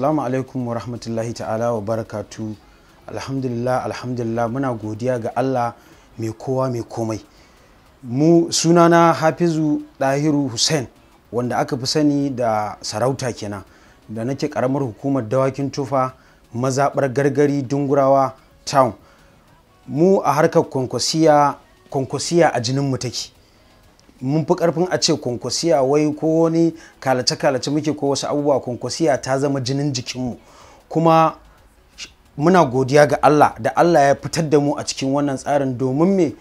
assalamu alaikum wa rahmatullahi ta'ala wa barakatu alhamdulillah alhamdulillah muna godiya ga allah mai kowa mai komai mu sunana hafizu dahiru hussein wanda aka fi sani da sarauta kenan da nake karamar hukumar dawakin tufa mazaɓar gargari dungurawa town mu a harkar kwankwasiya a jinin mu take mun fi karfin a ce kwankwasiya wai ko wani kalace-kalace muke ko wasu abubuwa kwankwasiya ta zama jinin jikinmu kuma muna godiya ga Allah da Allah ya fitar da mu a cikin wannan tsarin domin me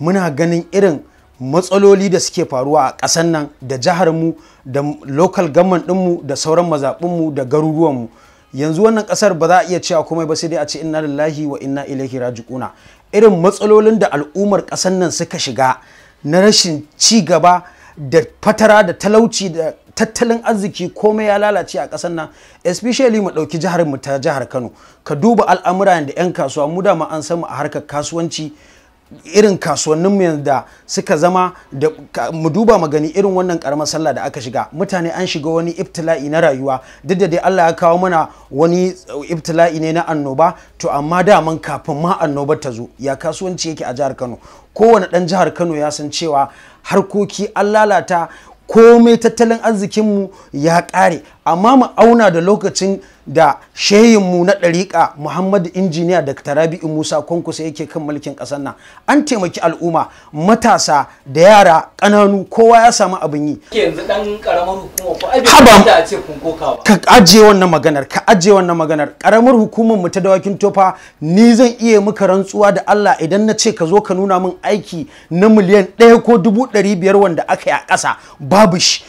muna ganin irin matsaloli da suke faruwa a ƙasar nan da jihar mu da local government ɗinmu da sauran mazaɓinmu da garuruwanmu yanzu wannan ƙasar ba za a iya cewa komai ba sai dai a ce inna lillahi wa inna ilaihi raji'una irin matsalolin da al'ummar ƙasar nan suka shiga na rashin ci gaba da fatara da talauci da tattalin arziki komai ya lalace a ƙasar nan especially mu ɗauki jihar mu ta jihar Kano ka duba al'amura da 'yan kasuwa mu da ma an samu a harkar kasuwanci irin kasuwanninmu da suka zama da mu duba magani irin wannan karamar sallah da aka shiga mutane an shiga wani ibtila'i na rayuwa duk da dai Allah ya kawo mana wani uh, ibtila'i ne na annoba to amma daman kafin ma annobar ta zo ya kasuwanci yake a jihar Kano kowane dan jihar Kano ya san cewa harkoki an lalata komai tattalin arzikinmu ya kare. amma mu auna da lokacin da shehinmu na ɗariƙa muhammadu injiniya da rabi'u musa kwankwasa yake kan mulkin ƙasar nan an taimaki al'umma matasa da yara ƙananu kowa ya samu abin yi yanzu ka ajiye wannan maganar ka ajiye wannan maganar ƙaramar hukumar mu ta dawakin tofa ni zan iya muka rantsuwa da Allah idan na ce ka zo ka nuna min aiki na miliyan ɗaya ko dubu ɗari biyar wanda aka yi a ƙasa babu shi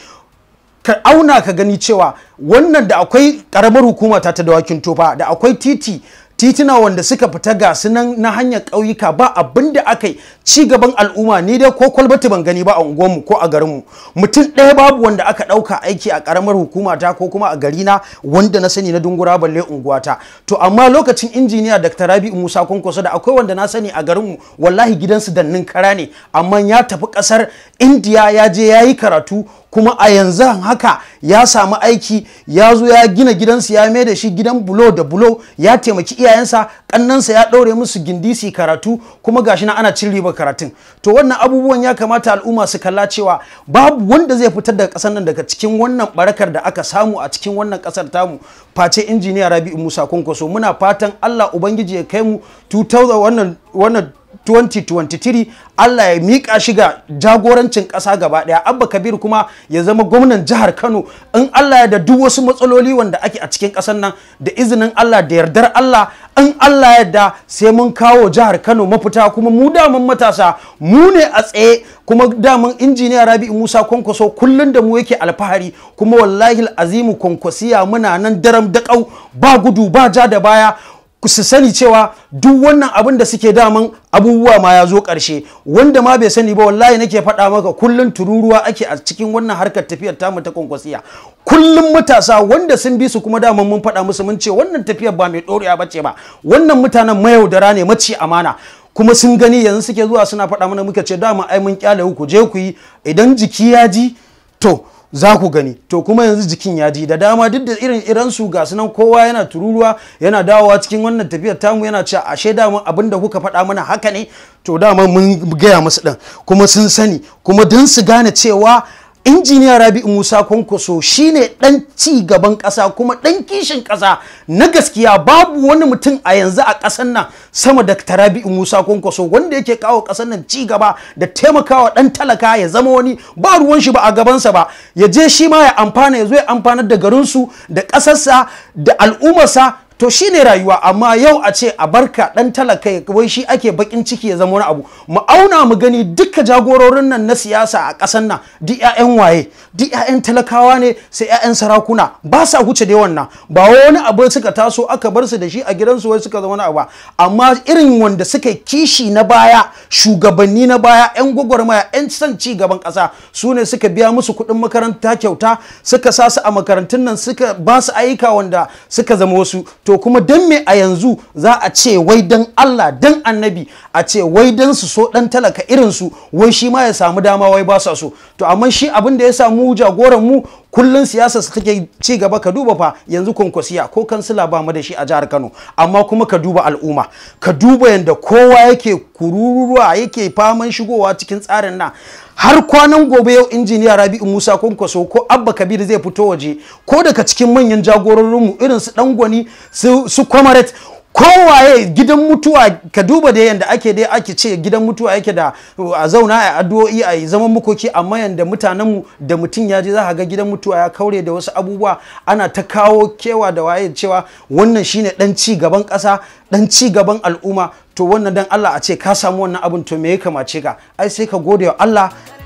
ka auna ka gani cewa wannan da akwai karamar hukuma ta ta dawakin tofa da akwai titi titina wanda suka fita ga sunan na hanyar ƙauyuka ba abin da aka yi ci gaban al'umma ni dai ko kwalbati ban gani ba a unguwarmu ko a garinmu mutum ɗaya babu wanda aka ɗauka aiki a ƙaramar hukumata ko kuma a garina wanda na sani na dungura balle unguwata to amma lokacin injiniya dr rabi musa kwankwaso da akwai wanda na sani a garinmu wallahi gidansu dannin kara ne amma ya tafi ƙasar indiya ya je ya yi karatu kuma a yanzu haka ya samu aiki ya zo ya gina gidansu ya mai da shi gidan bulo da bulo ya taimaki iyayensa kannansa ya ɗaure musu gindisi karatu kuma gashi na ana cin riba karatun to wannan abubuwan ya kamata al'umma su kalla cewa babu wanda zai fitar da kasar nan daga cikin wannan barakar da aka samu a cikin wannan ƙasar tamu face injiniya rabi'u musa kwankwaso muna fatan allah ubangiji ya kai mu 2000 wannan wannan 2023 Allah ya miƙa shi ga jagorancin ƙasa gaba ɗaya Abba Kabir kuma ya zama gwamnan jihar Kano in Allah ya da duk wasu matsaloli wanda ake a cikin ƙasar nan da izinin Allah da yardar Allah in Allah ya da sai mun kawo jihar Kano mafita kuma mu damun matasa mu ne a tsaye kuma damun injiniya Rabi Musa Kwankwaso kullum da mu yake alfahari kuma wallahi azimu Kwankwasiya muna nan daram daƙau ba gudu ba ja da baya Ku su sani cewa duk wannan abin da suke daman abubuwa ma ya zo ƙarshe wanda ma bai sani ba wallahi nake faɗa maka kullum tururuwa ake a cikin wannan harkar tafiyar ta ta kwankwasiya kullum matasa wanda sun bi su kuma daman mun faɗa musu mun ce wannan tafiyar ba mai ɗoriya ba ce ba wannan mutanen mayaudara ne mace amana kuma sun gani yanzu suke zuwa suna faɗa mana muka ce dama ai mun kyale ku je ku yi idan jiki ya ji to za ku gani to kuma yanzu jikin ya ji da dama duk da irin iran su ga sunan kowa yana tururuwa yana dawowa cikin wannan tafiyar tamu yana cewa ashe daman abin da kuka faɗa mana haka ne to dama mun gaya musu ɗin kuma sun sani kuma don su gane cewa injiniya rabi'u musa kwankwaso shine dan ci gaban kasa kuma dan kishin kasa na gaskiya babu wani mutum a yanzu a kasan nan sama da rabi'u musa kwankwaso wanda yake kawo kasan nan ci gaba da taimakawa dan talaka ya zama wani ba ruwan shi ba a gabansa ba ya je shi ma ya amfana ya zo ya amfanar da garinsu da kasarsa da al'ummarsa to shi ne rayuwa amma yau a ce a barka ɗan talaka wai shi ake bakin ciki ya zama wani abu mu auna mu gani duka jagororin nan na siyasa a ƙasar nan duk ƴaƴan waye duk ƴaƴan talakawa ne sai ƴaƴan sarakuna ba sa huce da wannan ba wani abu suka taso aka bar su da shi a gidan su wai suka zama wani abu amma irin wanda suka kishi na baya shugabanni na baya ƴan gwagwarmaya ƴan san ci gaban ƙasa su ne suka biya musu kuɗin makaranta kyauta suka sa a makarantun nan suka ba su ayyuka wanda suka zama wasu to kuma dan me a yanzu za a ce wai dan Allah dan annabi a ce wai dan su so dan talaka irin su wai shi ma ya samu dama wai ba sa so to amma shi abin da ya samu jagoran mu kullun siyasa su take ci gaba ka duba fa yanzu konkwasiya ko kansila ba mu da shi a jihar Kano amma kuma ka duba al'umma ka duba yanda kowa yake kururuwa yake faman shigowa cikin tsarin nan har kwanan gobe yau injiniya Rabi'u Musa Kwankwaso ko Abba Kabir zai fito waje ko daga cikin manyan jagororinmu irin su Dangwani gwani su Kwamaret kowaye gidan mutuwa ka duba da yadda ake dai ake ce gidan mutuwa yake da a zauna a addu'o'i a zaman makoki amma yadda mu da mutum ya je za ga gidan mutuwa ya kaure da wasu abubuwa ana ta kawo kewa da waye cewa wannan shine dan ci gaban kasa dan ci gaban al'umma to wannan dan Allah a ce ka samu wannan abin to me ya kamace ka ai sai ka gode wa Allah